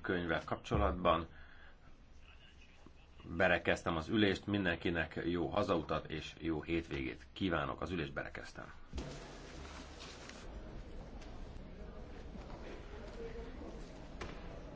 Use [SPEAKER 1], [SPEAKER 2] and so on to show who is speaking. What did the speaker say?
[SPEAKER 1] könyvvel kapcsolatban. Berekeztem az ülést, mindenkinek jó hazautat és jó hétvégét kívánok. Az ülést berekeztem.